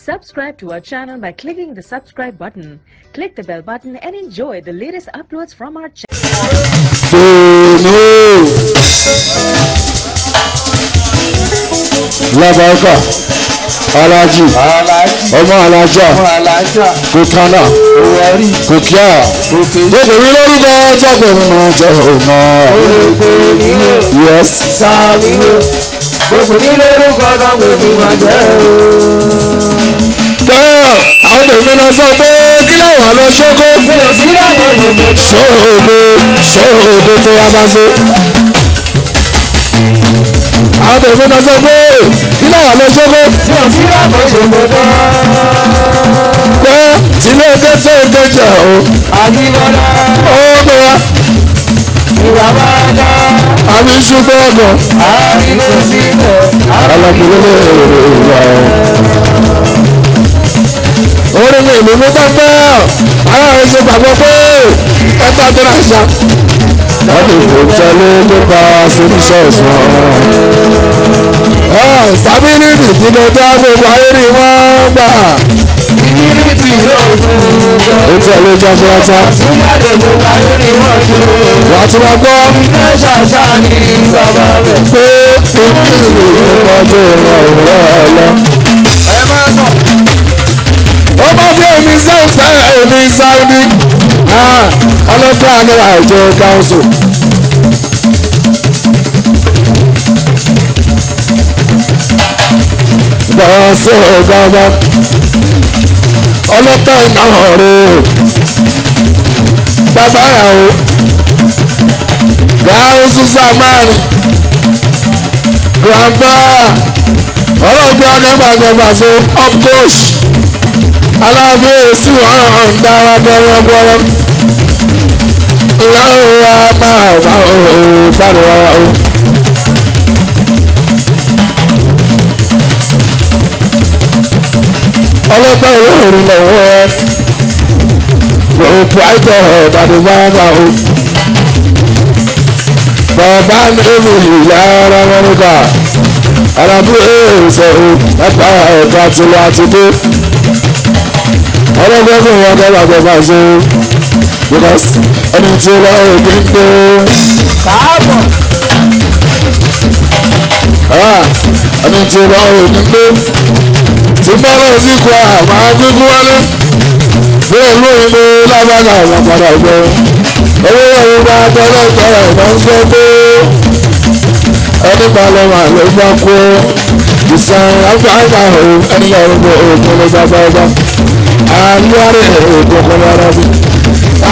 Subscribe to our channel by clicking the subscribe button. Click the bell button and enjoy the latest uploads from our channel. alaji ọmọ alaja kokana kokia gbogbo mi lórí bẹ jẹgbẹrún jẹ ọmọ yes. gbogbo nílé lórúkọ náà gbogbo máa jẹ́ o. tẹ́ àwọn tèmi náà sọ pé kí láwọn lọ ṣókó. ṣòro ṣòro tó wá bá ṣe. àwọn tèmi náà sọ pé kí láwọn lọ ṣókó. pé tilé ẹgbẹ́ tó ń gbẹ́jà o. àdìgbọ́lá. ó bẹ̀rẹ̀ ìdàbàdà. àmì ṣùgbọ́n ọ̀nà. àrínú sílẹ̀. alákìlélẹ̀ èròjà ẹ̀. orin ni èmi mú pẹ́pẹ́ ara rẹ̀ ṣe gbàgbọ́ pé pẹ́pẹ́ tó rà ṣá. láti fòtẹ́lẹ̀ nípa solutions wọn. ẹ sábìlì nìdílé dá gbogbo ayé rí wọn gbà ó tẹ̀lé jaburata. wàá tún wá gbọ́. pé ojú ìlú ìpàdé ìrìn àwòrán ẹ̀ ó bá fi èmi sẹ́ǹsẹ́ èmi sáúdí. ọlọ́dún àná àjọ káńsù. bọ́sẹ̀ ọ̀gá bá ọlọ́tọ̀ iná ọ̀rọ̀ bàbá rà o gàáhùsù sàmárì grandpa ọlọ́ọ̀bí ọ̀nẹ́gbàgbàgbàso upcoach aláàbí èsì ọ̀rọ̀ ńdára bẹ́rẹ̀ bọ́rọ̀ ńlá òun wa máa bá òun bá rẹ̀ wá o. ọlọ́pàá olóòrùn lọ́wọ́ òkú àìtọ́ ọ̀dàdúgbàgbà o. bàbá nínú ìyá ara wọn nígbà alábú èèṣẹ o ẹ̀ka ẹ̀ka tiwa ti dé. ọlọ́pàá kò wọ́n dábàá gbọ́dọ̀ ṣe o ẹni tí ó bá rò pé káàbọ̀. Ah, ẹni tí ó bá rò pé ìfẹ́rẹ́ síkú àwọn agbègbè wálé bẹ́ẹ̀ lóyún ló lábàgà àwọn padà gbọ́ owó ẹ̀rọ bá tọ́lẹ̀ tọ́lẹ̀ bá ń fẹ́ tó ẹni balẹ̀ wà ló bá kó ìsàn àgbàgbà ẹni yàrá bọ̀ òògùn ló bá bá bá àyàrá òògùn kan yàrá bí.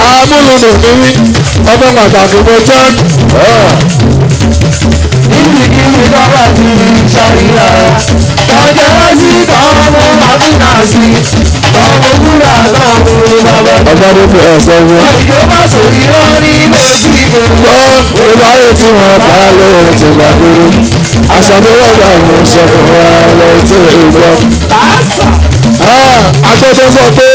àmúlùmọ̀ mi wí ọmọ pàtàkì mo jẹ́ ọ́. níbi kí ni bàbá ti ń ṣàríyá ọjọ́ sí tọ́mọ àfínà sí tọ́mọ wúrà tọ́mọ bàbá. ọba ló fẹ́ ọsẹ wọn. ìjọba sòrí lórí lójú ìbò. gbọ́ olùwárí tí wọ́n bá lóore ti gbà dúró. àṣà tó wọ́n gbà mú sọ fún wa lórí tí ò ń gbọ́. àṣà. agbẹ́dẹ́ sọ pé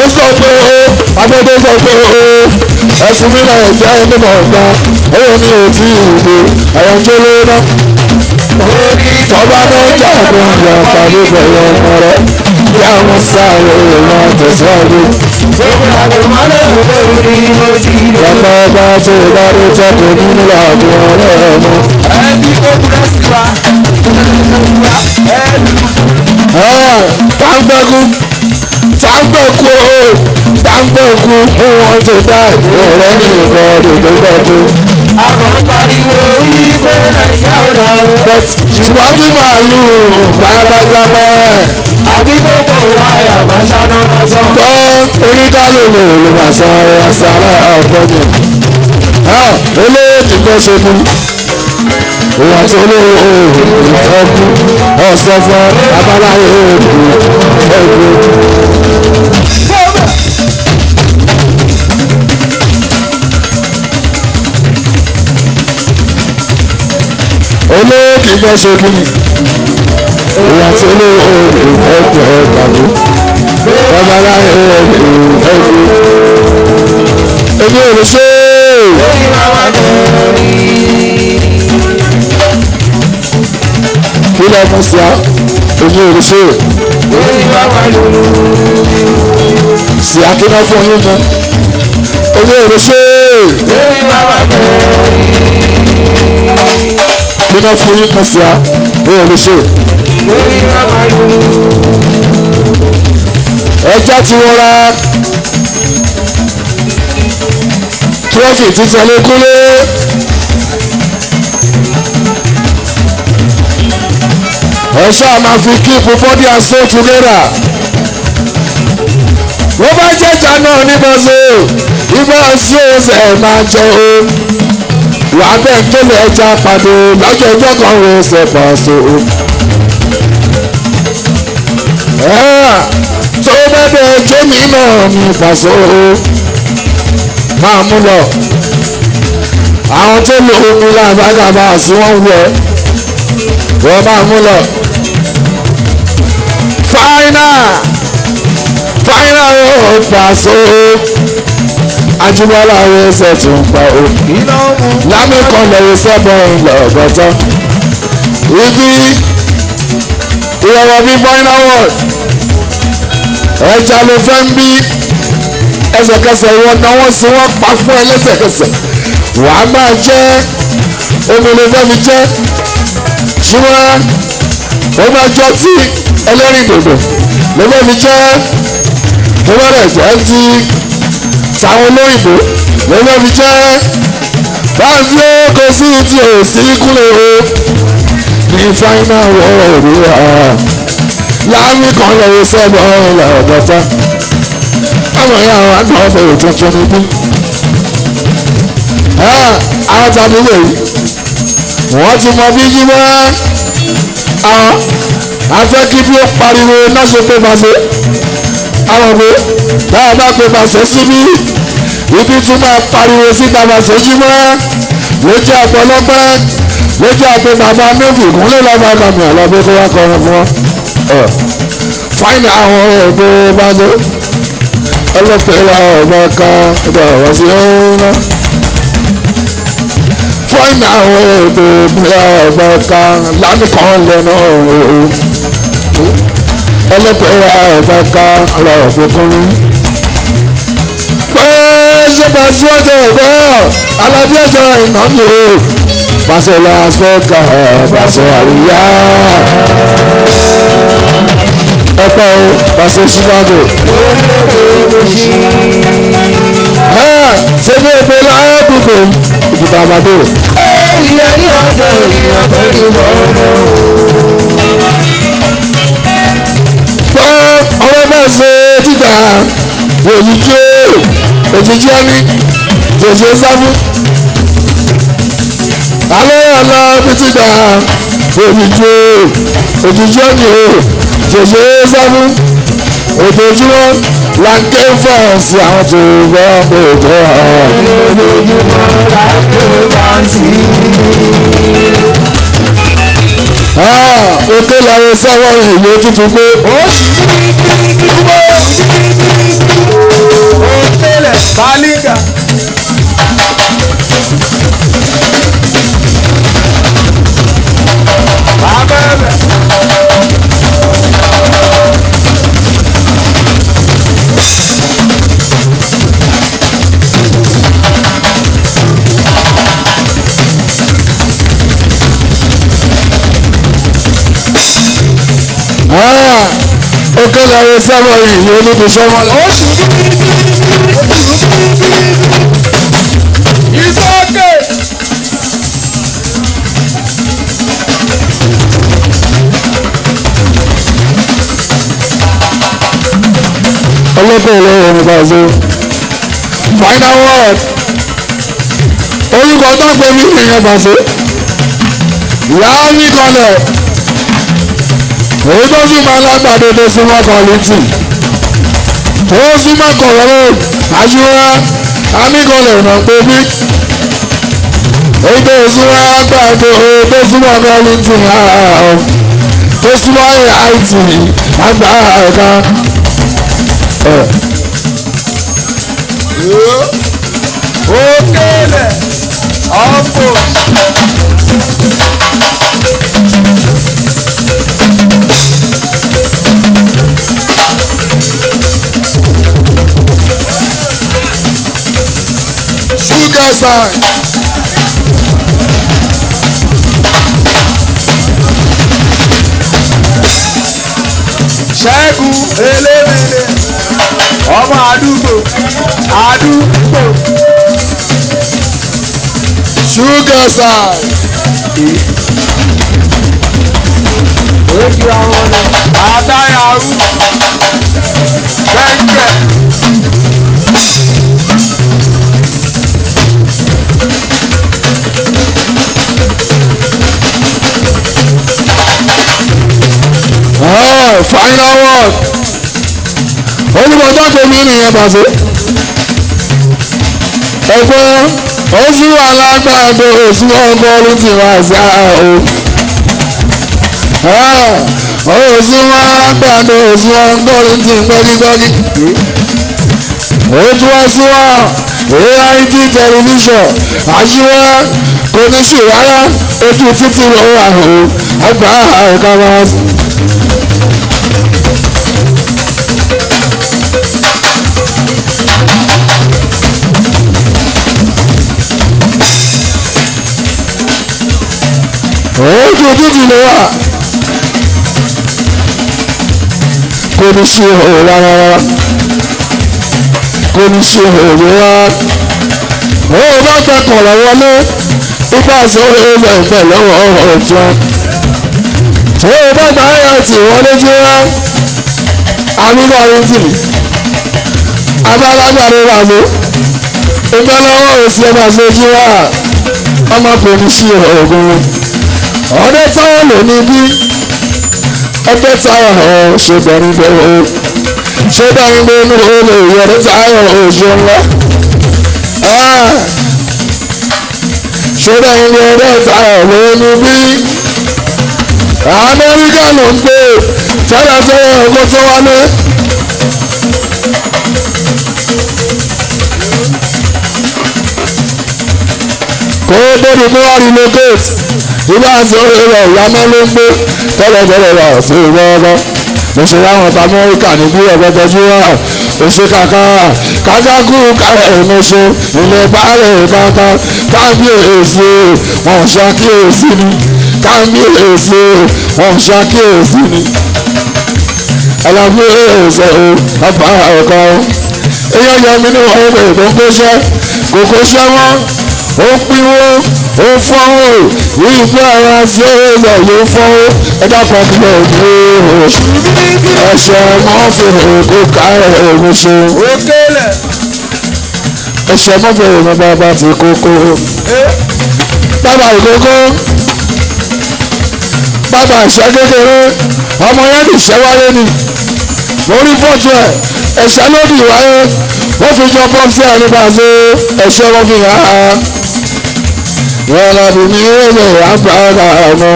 ó sọ pé ó agbẹ́dẹ́ sọ pé ó ẹ̀sùn mi náà jẹ́ ẹni mọ̀ọ́gbọ́n ó ní òtí ìdè ẹ̀yọ́ ń gbé lórí náà tọ́ba ló jà ló ń pàdé pẹ̀lú ọmọ rẹ̀ bí àwọn sáré ìmọ̀ tẹ̀síwájú. Bàbá bá tó bá ló jáde nínú àbí ọ̀rẹ́ ẹ̀ mọ́. Tàǹgbẹ̀kú tàǹgbẹ̀kú o tàǹgbẹ̀kú ó wọ́n ti dá ìrọ̀lẹ́ ní ìrọ̀lẹ́ tó Àwọn pariwo ìgbẹ́ náà yára o bẹ́sì. ṣùgbọ́n tí màálù gbàgbàgbàgbà. àdìgbòkò wáyà máa ṣáná lọ́sọ̀. tó oníkálùlù ló máa sọ ọ̀sàrà ọ̀fọ́jù. olóòtú tó ṣe mú ìwà tó lóòrò ìfọ́kù ọ̀sọ̀fọ̀ abáláyé òògùn ẹ̀gbọ́n. olóòkì fẹ́ ṣe kí ni ìyá tí olóòkì ọ̀pọ̀ ọ̀gbàdú bàbá láyé ọ̀gbìn èmi ò lè ṣe kí lọ mú sí a èmi ò sí a kí lọ fún yín mọ èmi ò tí wọ́n fún yín kan sí a bóyá ló ṣe. ẹja tí wọ́n ra tí wọ́n fi títí ẹlẹ́kúnlé. ẹ ṣáà máa fi kí ipò bọ́dí aṣọ tùgẹ́rà bó bá jẹ́jà náà ní bọ́sẹ̀ ìgbà sí ọ̀sẹ̀ máa jẹ ohun wà á bẹ́ẹ̀ kélé ẹja pàdé lọ́jọ́ ọjọ́ kan ń ṣe pàṣẹ o. tó bá bẹ́ẹ̀ kémi náà ní pàṣẹ o máa mú lọ àwọn tó lè omi lágbàdà bá a sí wọ́n wù ẹ́ wọ́n máa mú lọ. fáínà fáínà yóò pàṣẹ o ajumọ́lá rẹ̀ ṣe tún pa òkú lámìkan lẹ́yìn sẹ́bọ̀ ńlọgọ́tọ́ ibi ìrọ̀rọ̀ bíi final word ẹja ló fẹ́ ń bí ẹsẹ̀kẹsẹ̀ ìwọ náwó sí wọ́n pa fún ẹ lẹ́sẹ̀kẹsẹ̀ wàá máa jẹ́ omi ló fẹ́ fi jẹ́ ṣùgbọ́n ó máa jọ tí ẹlẹ́rìndòdò ló fẹ́ fi jẹ́ tó rẹ̀ jẹ́ ti táwọn olóyìnbó lọ́jọ́ fi jẹ́ báńsì ó kò sí tí ò sí kúlẹ̀ o ní fáínà wọ́ọ̀rọ̀ òwúrọ̀ láàmì kan lọ́wọ́ sọ́ọ̀bù ọ̀rọ̀ ọ̀dọ́ta àwọn ìyá àwọn àgbà ọ̀fẹ́ rẹ̀ tuntun níbí àwọn tàbí wẹ̀ yìí wọ́n ti mọ bí yí wá àwọn afẹ́kí bí ó pariwo náà ṣe pé máa ṣe àwọn ọmọ bá a bá pe màṣẹ síbí ibi tí máa pariwo síta màṣẹ jí mọ́ lójú àpọ̀lọpẹ́ lójú àpò bàbá méjì kúnlẹ̀ lọ́ba bàbá ọlọ́bí tó wá kọrin fún ọ. fáìnì àwọn ọ̀gbẹ́ bá dé ọlọ́pẹ́ wa ọ̀gbẹ́ kan ọ̀gbẹ́ ọ̀rọ̀ sí ọ̀hún náà fáìnì àwọn ọ̀gbẹ́ bá ọ̀gbẹ́ lánìkan lẹ́nu ọ̀hún ẹlẹ́tẹ̀ẹ́yà ọ̀fẹ́ ká ọ̀rọ̀ òfìkúnú. pé ṣẹ́pà tí wọ́n jẹ ẹ̀kọ́ aládé ẹ̀jọ̀ iná mi o pàṣẹ lọ́sẹ̀ ká pàṣẹ àríyá. ẹ̀pẹ́ o pàṣẹ ṣíwájú. ṣé bí epe láyé kúkú ìdìbò àbàdò. ẹ̀yìn ẹ̀yìn ọ̀dọ́ ìyàtọ̀ ìwọ̀n náà. fẹ́ títà òjijì òjijì ẹni jòjò sáfù. alẹ́ ala, mi ti gbà òjijì òjijì ẹni o jòjò sáfù. ojoojúmọ́ la ń ké fọ́ọ̀sì àwọn tó bọ́ òkú ọ̀hún. ojoojúmọ́ la ń ké fọ́ọ̀sì òkè làwọn sáwọn èèyàn tuntun pé. ó sì ń gbó òkèlè kálí. sẹ́wọ̀ yìí olùdó sẹ́wọ̀ lọ. ìsókè. ọlọ́pàá ọlọ́wọ́ mi bá so final word orúkọ tó ń pè mí nìyẹn bá so láàmì kọlẹ̀ èyí tó sì máa tó súnmọ́ kọ́lítì tó súnmọ́ kọ̀rọ̀ àjùwá amíkọlẹ̀ ọ̀nà èyí tó súnmọ́ àgbàdo tó súnmọ́ kọ́lítì tó súnmọ́ àìtì àgbà ọ̀gá. ó kélé ọ̀pọ̀. left side. ṣẹ́gun eléwélé ọmọ àdúgbò àdúgbò ṣúgà side. Ojú àwọn ọ̀nà àtàyàwó bẹ́ńkẹ̀. final word olùkọ́jọ́ tèmi nìyẹn pàṣẹ ẹgbẹ́ oṣù alágbàdo oṣù ọgọ́rùn ti wá sá o oṣù alágbàdo oṣù ọgọ́rùn ti gbọ́gígbọ́gí ojú ọṣùwà AIT television àṣìwẹ́ kò ní ṣì rárá ojú títí lọ́wọ́ àrùn ọgbà àìkámọ́sí ojú kò ní ṣe òwò rárá kò ní ṣe òwò rárá òun bá gbẹkọ̀ọ́ lọ́wọ́ lé ipa àṣẹ òun lọ́wọ́ pẹ̀lú ọ̀rọ̀ ọ̀tún tó o bá gba ayọ̀tì wọlé jẹ́ amílọ́rin tìlì abálágbàdo rà mú ìtọ́lọ́wọ́ òsì ọmọ àṣejì wà ọmọ kò ní sí ọ̀gùn ọdẹ táwọn lò níbí ọdẹ táwọn ṣèbẹ̀rù bẹ̀rù ṣèbẹ̀rù bẹ̀rù olè yọdẹ táwọn òjò ńlá ah! ṣèbẹ̀rù bẹ̀rù táwọn lò níbí amẹ́ríkà ló ń gbé tẹ́lẹ̀tẹ́lẹ̀ ọkọ̀ tó wálé. kó bóde kó wá relocate ibà àti ọ̀rọ̀ ìyáná ló ń gbé tẹ́lẹ̀tẹ́lẹ̀ wà sí ìrọ́rọ́ mo ṣe láwọn ọba amẹ́ríkà ní bí ọ̀gá tọ́jú wà èsì kàkà kájákù kárẹ̀ ìmọ̀ṣẹ́ ilẹ̀ bá rẹ̀ bá ta kábíyèsí wọn ṣàkíyèsí ni kábíyèsí wọn ṣàkíyèsí ni alábíyèsí o ọba ọkọ eyín ọjọ́ mi ní wọn bẹ̀rẹ̀ kó kóṣẹ́ kó kóṣẹ́ wọn ó pínwó ó fọ́wó wípé ara ṣe é lọ yóò fọ́wó ẹ dákọ̀ kílẹ̀ òkú ẹ̀ṣẹ̀ mọ́fìrì kó kárẹ̀ òun ṣe. ó kélẹ̀ ẹ̀ṣẹ̀ mọ́fìrì mi bá bá ti kókó bàbá ìkókó bàbá ìṣẹ́ kékeré ọmọ yẹn ní ìṣẹ́ wáyé ni mo rí fọ́ọ̀tù ẹ̀ ẹ̀ṣẹ́ ló dì wáyé wọ́n fi jọ bọ́ọ̀sì ẹni bá ṣe ẹ̀ṣẹ́ wọn fi hàn án. wọ́n lọ bí mi rẹ̀ àgbà ọmọ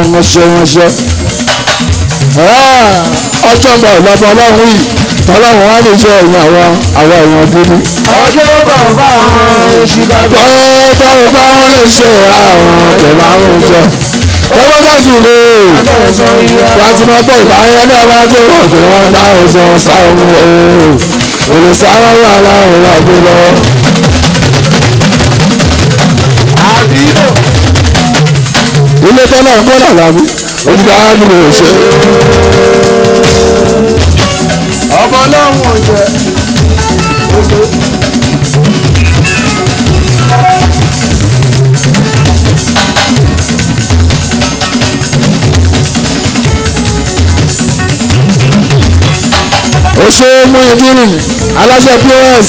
ọmọṣẹ́ ọmọṣẹ́. Ah, ọjọ́ bá ìlọ́bọ ọlọ́run yìí tọ́lọ́run wá lè jẹ́ ẹ̀yìn àwọn àwọn èèyàn gidi. ọjọ́ bàbá àwọn èsì bàbá. ọjọ́ bàbá wọn lè ṣe àwọn tẹ̀lé àwọn jẹ ẹgbẹ́ sọ́ọ̀sì lè fatima bọ̀ ìbáyé ní ọba tí wọ́n kì wọ́n bá ọ̀sán sáwọn ohun olùsáwọn wà láwọn àbí lọ. ilé tọ́lá ń bọ́lá làbí olùkọ́ àádùn òṣèré. ọmọ ọlọ́run ò jẹ́. ó ṣe é mú ìdírì aláṣẹ pọ́s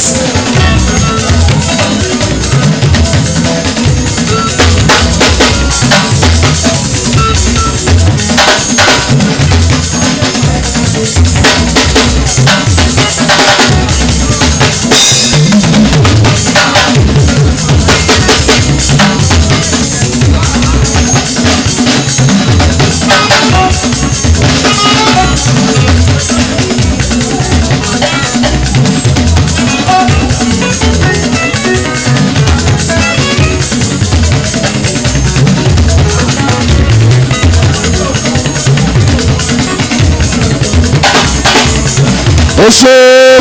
ṣe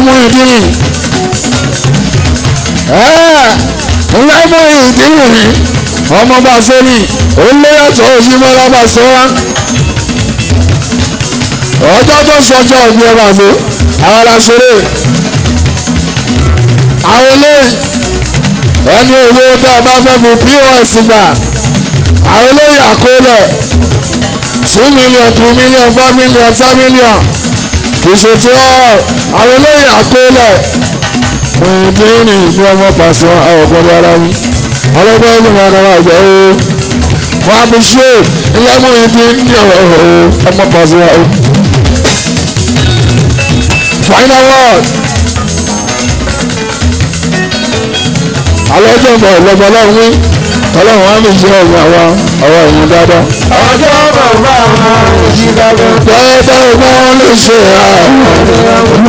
Muyideen ńlá Muyideen rí ọmọ bá ṣe ní olóyàtọ̀ òyìn mọ́lá bá ṣe wá ọjọ́ tó sọjọ́ ọ̀gbìn ẹ̀ bá ṣe àwọn aṣeré àwọn eléyìí ẹni owó tá a bá fẹ́ fi pọ́s gbà àwọn eléyìí àkólẹ̀ two million three million five million seven million kì í ṣe tí ọ àwọn olóyè àkọọ́lẹ̀ mìíràn ní ọmọ pàṣẹ àwọn ọ̀gbọ́n ara mi ọlọ́gbọ́n ẹni máa dára àgbà ó wọ́n á fi ṣe ilé mú ibi ní ọ̀rọ̀ ọmọ pàṣẹ àwọn. final word alọ́jọ́ bọ̀ lọ́gbọ́n lọ́rùn wí ọlọ́run wá lè ṣe ọ̀rọ̀ àwọn ọ̀rọ̀ ìwọ̀n dáadáa. ọjọ́ bàbá máa ń ṣí dábẹ́. bẹ́ẹ̀ bẹ́ẹ̀ wọ́n lè ṣe àwọn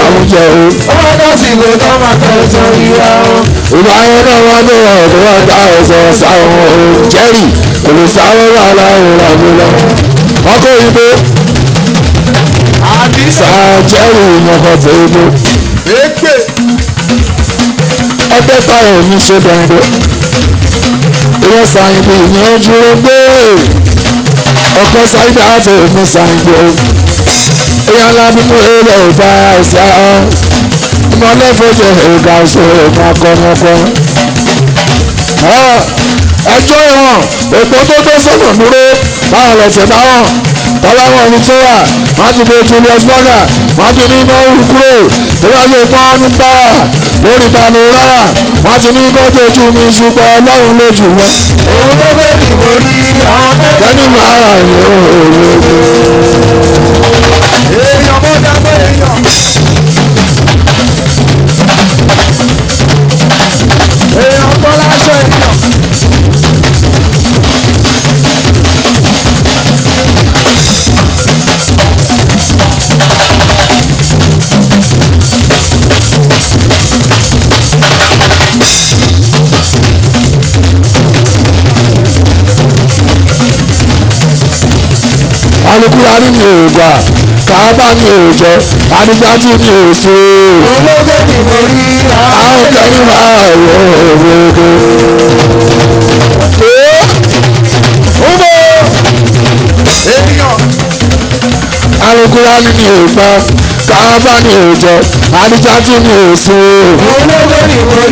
àwùjọ o. ọmọ náà sì lè dá máa tẹ̀sán ìyá o. ìgbà yẹn náà wọ́n ní ọ̀dọ́ wọn dá ẹ̀sẹ̀ sáwọn o. jẹ́rì kò lè sáré wà láàrin ìlànà lọ. wọ́n kó ibo. àdìsá jẹ́rì ìmọ̀kọ̀ tó ibo. ẹgbẹ́. ẹgbẹ́ táyọ̀ ní ṣe dẹ́gbẹ́ ọwọ́ Ṣàyìndé ìyẹn dúró gbé ọkọ Ṣàyìndé àti òfin Ṣàyìndé ìyá ládùúgbò èrè ọba ẹ̀sà ìmọ̀lẹ́fọ̀jẹ̀ ìgbà ìṣòro ìmọ̀kọ́mọ́kọ́. ẹjọ́ ìwọ̀n ètò tó tó sọ̀rọ̀ dúró báwọn lọ́sẹ̀ báwọn bàbá wọn ní tíra má ti bẹ julius burger má ti ní iná òru kúrò nígbà tí ìpọ́n ń bá lórí ìtànù rárá má ti ní kó dojú mi ṣùgbọ́n ọlọ́run lójú wọn. òun ló fẹ́ dìbò ní àwọn mẹ́rin. kẹ́ni màá rà yín òun lójú. èèyàn mọ́jà mẹ́rin yàn. alukura ni mi ò gbà kàábà mi ò jẹ adigbati mi ò mo rí àwọn kẹ́yìn máa wọ òwòrò. Ubo ènìyàn. Alukura ni mi ò gbà kàábà mi ò jẹ adigbati mi ò mo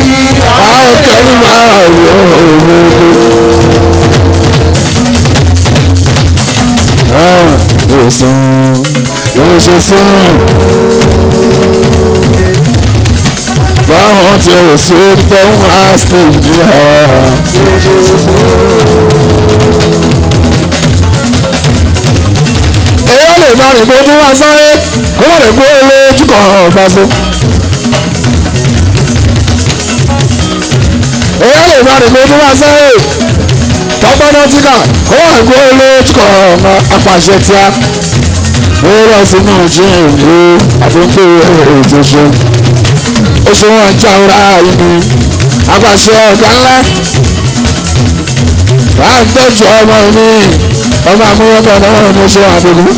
rí àwọn kẹ́yìn máa wọ òwòrò. yóò sùn yóò ṣe sùn. báwọn tí o ṣe tẹ́wọ́n á ṣe ìdí ara. èyí lè má rìn pé kí wọ́n sáré kó má rìn pé ó lé jùkọ̀ ọ̀gá so tọgbọdọtìkà kó àgbo olóòtúkọ ọmọ apàṣẹ tíá ó lọ sínú jí ìlú àdúgbò ètòṣe òṣùwọ̀n jáwúrà ìní apàṣẹ ọ̀gá ńlá wà á tọ́jú ọmọ mi ọmọ amúyọ́gbọ̀n náà ní oṣù àbúrú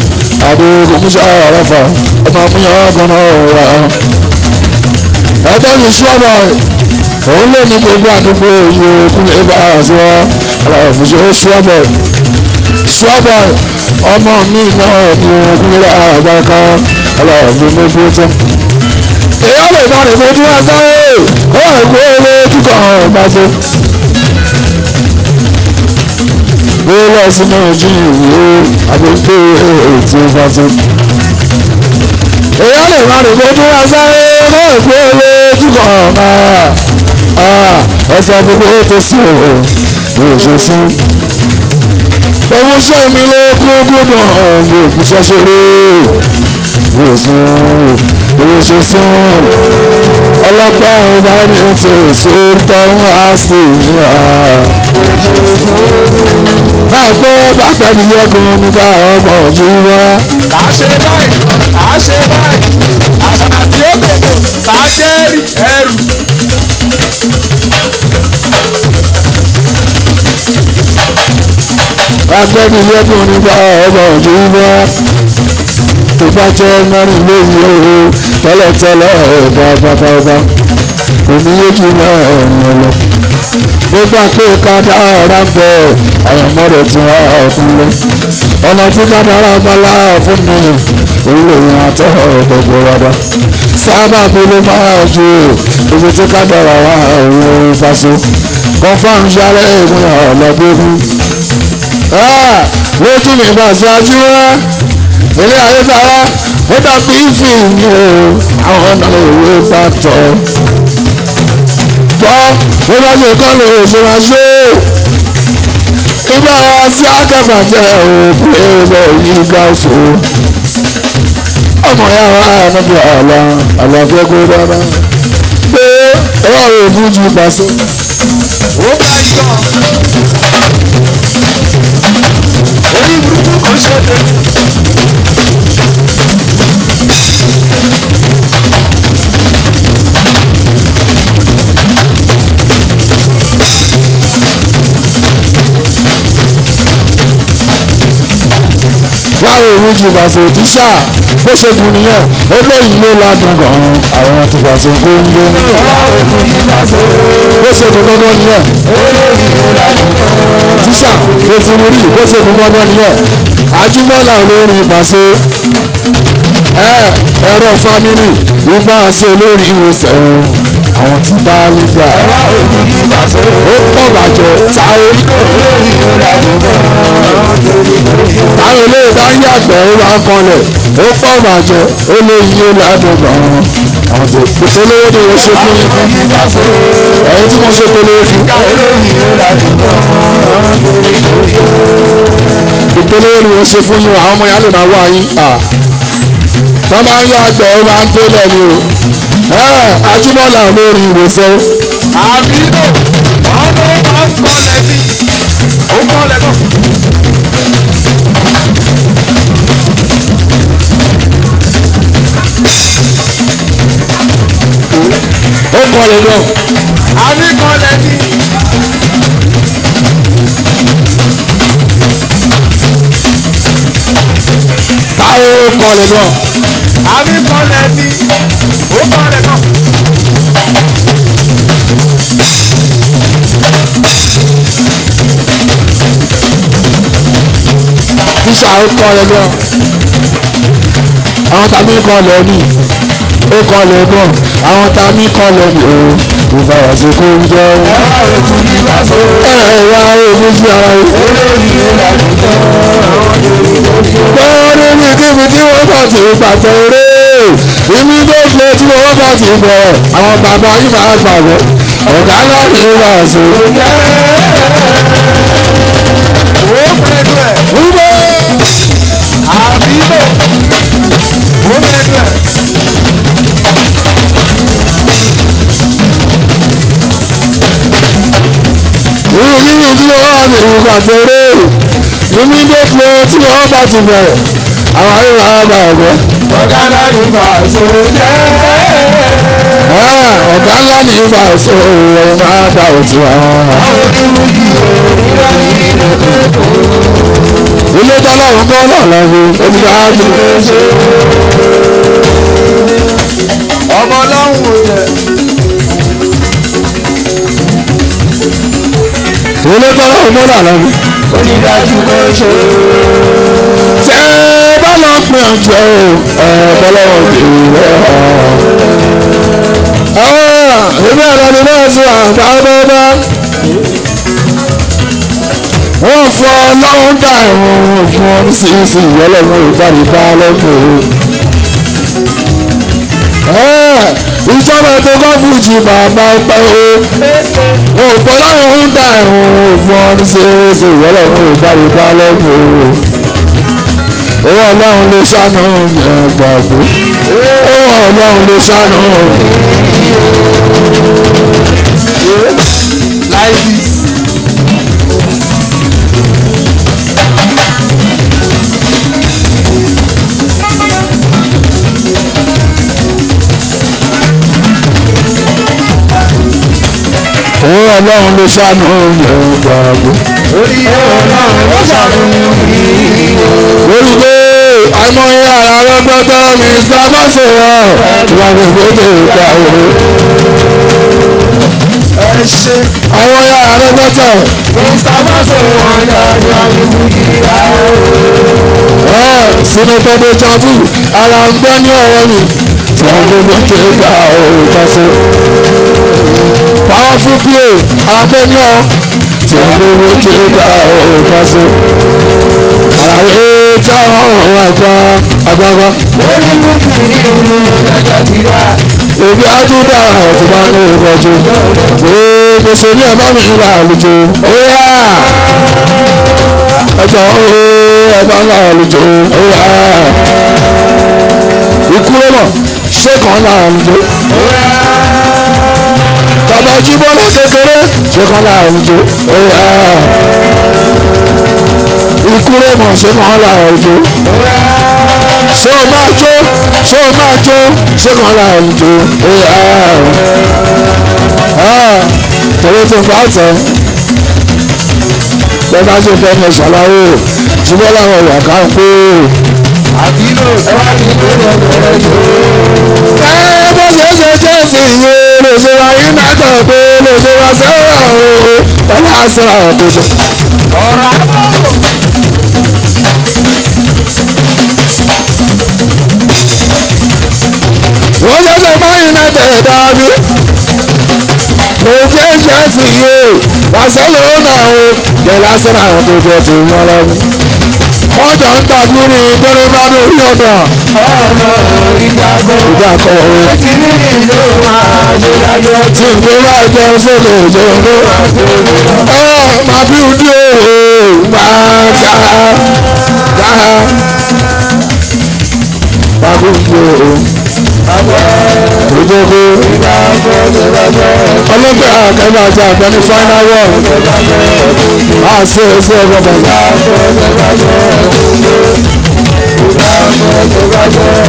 àbúrú kò ṣe ọ̀rọ̀ fọ ọmọ amúyọ́gbọ̀n náà rọ̀ ọ́ ẹgbẹ́ yìí ṣọ́ọ̀bọ̀ òun lè ní gbogbo àdúgbò ìlú ìpínlẹ̀ ìbára sí wọn àlàfùsọ ṣọ́bọ̀ ṣọ́bọ̀ ọmọ mi náà ní ìpínlẹ̀ àbáká àlàfùsọ gbọ́tọ̀. èèyàn lè bá rẹ̀ fojú wá sáré ó wà ní kúrò kíkọ́ ìbáṣe. bóyá sínú ojú ìwé àbíké ètò ìbáṣe. èèyàn lè bá rẹ̀ fojú wá sáré ó wà ní kúrò kíkọ́ ìbáṣe. Ah, ẹsẹ̀ gbogbo ó tó sùn o mi ò ṣe fún. owó ṣe mi ló kó gbọ́dọ̀ mi ò fi ṣẹ́ṣẹ́ lé mi ò fún owó ṣe fún. ọlọ́pàá ò bá ní fèsì tọ́hún á sì wá. láìpẹ́ bàtà nìyẹn kan mi bá ọmọ mi wá. kà á ṣe báyìí kà á ṣe báyìí àṣà àti ó kà á ṣe ẹrù. akẹ́ni lẹ́dùn nígbà ọba òjò wá tó bá jẹ́ mẹ́rin lóye o tẹ́lẹ̀tẹ́lẹ̀ ọba bàbá ọba oníyéjì náà ẹ̀yìn lọ. nígbà pé kádàrá bẹ̀ àyàmọ́ rẹ̀ ti wá ọ̀fun lọ. ọ̀nà tí kádàrá bá lá fún mi olóyìn àtọ́ gbogbo rárá. sábà bolo máa ju ibi tí kádàrá wà òun ìfaso. kọ́fà ń yára ìmúyàn ọ̀lọ́gbẹ́rún lójú ah, mi bá ṣáájú rẹ ilé ayé sára ó dàbí fíìmù àwọn ọ̀nà òwe bá tọ̀ gbọ́ ó bá ṣe kọ́ lè ṣọ́ra ṣe ibà sí akẹ́bàjẹ́ òkú ẹ̀rọ yìí gbà so ọmọ yàrá àyànnàbí àlà àlàfẹ́ kó dára pé ọ̀rọ̀ òfin ju pàṣẹ. ó bá yọ orí burúkú kan ṣẹlẹ̀. òru jìbàṣẹ tíṣà bó ṣe dùn nìyẹn ó lóyún ló ládùn gan-an àwọn tìbàṣẹ gbóngbó. bó ṣe dùn gbọ́dọ̀ nìyẹn tíṣà bó ti rí rí bó ṣe dùn gbọ́dọ̀ nìyẹn àjùmọ̀lá olórin ìbàṣẹ ẹ̀rọ fámìlì ìbáṣẹ olórin ìwòsàn àwọn tí bá lè gbà. ó pọ̀ bàjẹ́ ta orí táwọn olóyè bá ń yàgbẹ́ ó máa ń kọlẹ̀ ó pọ̀ bàjẹ́ ó lè yí ládùúgbò àwọn. ìpolówó ni mo ṣe fún ẹ̀yin tí mo ṣe polówó fún. ìpolówó ni mo ṣe fún yín àwọn ọmọ yàrá lè máa wá yín. wọ́n máa ń yàgbẹ́ ó máa ń tó lẹ́nu o. Ah, ajúmọ̀ là lórí ìwòsàn. àbí lò ọmọ máa ń kọ́ lẹ́bí ó kọ́ lẹ́bọ̀. ó kọ́ lẹ́bọ̀. àbí kọ́ lẹ́bí. táwọn ó kọ́ lẹ́bọ̀. àbí kọ́ ó bá rẹ̀ náà. tíṣà ó kọ́ ẹ lọ àwọn tàbí kọ́ lọ ní ó kọ́ lọ bọ̀ àwọn tàbí kọ́ lọ ní o ìfàyàsí kò ń jẹ́ o. ẹ wá èkó ní wàásù. ẹ wá èkó sí ara rẹ. olórí ìlànà ìjọba. bọ́ọ̀lù ní kíbi tí wọ́n bá ti gbàtẹ́ eré. Èmi ló fẹ́ tí wọ́n bá ti bẹ̀rẹ̀ àwọn bàbá yìí máa gbàgbọ́. Ọ̀gá náà ni ó máa ṣe. Wúwo tí mo wá ní ìlú Kàfẹ́rẹ́, èmi ló tí wọ́n bá ti bẹ̀rẹ̀ àwọn yìí máa gbàgbọ́ ọ̀gá ńlá ní fàṣọ jẹ́. ọ̀gá ńlá ní fàṣọ ọ̀rọ̀ máa dá òtún wa. ilé tọ́lọ́run kọ́ náà lọ́wọ́ omi máa ń lò. ọmọ ọlọ́run ò jẹ́. ilé tọ́lọ́run kọ́ náà lọ́wọ́. onídàájú kan ṣe lọ pè ọjọ́ Ìbí ẹ̀rọ náà fún àgbà ọ̀dọ́dá. Wọ́n fọ ọlọ́run dà ẹ̀wọ̀n fún ọ ní sísè ìyọ́lọ́mọ ìbánibá lọ́kùnrin. Ah, ìjọba tó bá fún jì bàbá ọpẹ́ o. Òpó láwọn ń dà ẹ̀wọ̀n fún ọ ní sísè ìyọ́lọ́mọ ìbánibá lọ́kùnrin owó ọlọ́run ló sánú yẹn gbàgbé owó ọlọ́run ló sánú. like this. owó ọlọ́run ló sánú yẹn gbàgbé. orí ọlọ́run ló sánú yẹn gbàgbé àìmọye ara rẹpẹtẹ Mr. Masoro wà ní gbèdé ìgbà wo. àwọn yàrá rẹpẹtẹ. Mr. Masoro wọn yàrá ìwúyí ìgbà wo. ẹ sinetọ de jabu ara ń gbọ́ ní ọ̀rọ̀ mi tí wọ́n ló ló ké gbà ó tọ́sí. powerful play abẹ́ni ọ́ tí wọ́n ló ló ké gbà ó tọ́sí. àlàyé ta ọ̀hún àjà agbára. lórí mọ́tò ní ìlú ìdájọ́ ti wá. èmi á tún bá ní ìrọ̀jú. ee gbèsè ní ẹ̀ bá mi ìlà àlùjọ. óyá ẹ̀jọ̀ ee ẹ̀ ń là àlùjọ. óyá ikú lọ́nà ṣé kàn ń là àlùjọ. óyá tàbí ojú bọ́lá kékeré ṣé kàn ń là àlùjọ. óyá ìkúrò mọ̀ ṣe kàn án lára ìjó. ṣé o máa jó ṣé o máa jó ṣé kàn án lára ìjó. tẹ̀lé tó ń bá tẹ̀ bẹ́ẹ̀ bá ṣe fẹ́ mi ṣàlàyé ṣùgbọ́n láwọn ọ̀rọ̀ kan kú. àbílò sáwárì tó lọ bẹ̀rẹ̀ jù. ẹ bó ṣe ṣe jẹ́ sí iye lóṣèwà united pé lóṣèwà sẹ́wà o ọlá sẹ́wà ọ̀dọ́ṣẹ́. ọ̀rọ̀ àbọ̀. ó ṣẹ̀ṣẹ̀ báyìí náà tẹ̀lé dáadé òkè ṣẹ́ẹ̀sì yìí Barcelona o tẹ̀lé Arsenal àwọn tó jẹ́ ti wọ́n lọ́wọ́ wọ́n jọ ń tàbí ní ìdẹ́rẹ́ bá ní orí ọ̀dà. ọmọ ìgbàgbọ́ ìgbà kọ̀ ọ́. ti ní ìlú àjọyọ̀. tí ìgbéra jẹ́ sọ́dọ̀ òjòrò. ẹ máa bí ojú òòrùn máa dá dá. máa bí ojú òòrùn. Ojogo. Ọlọ́pẹ́ àkàrà àti àgbẹ̀ ní final world. A ṣe é ṣe ẹ̀rọ bàbá. Bàbá yìí.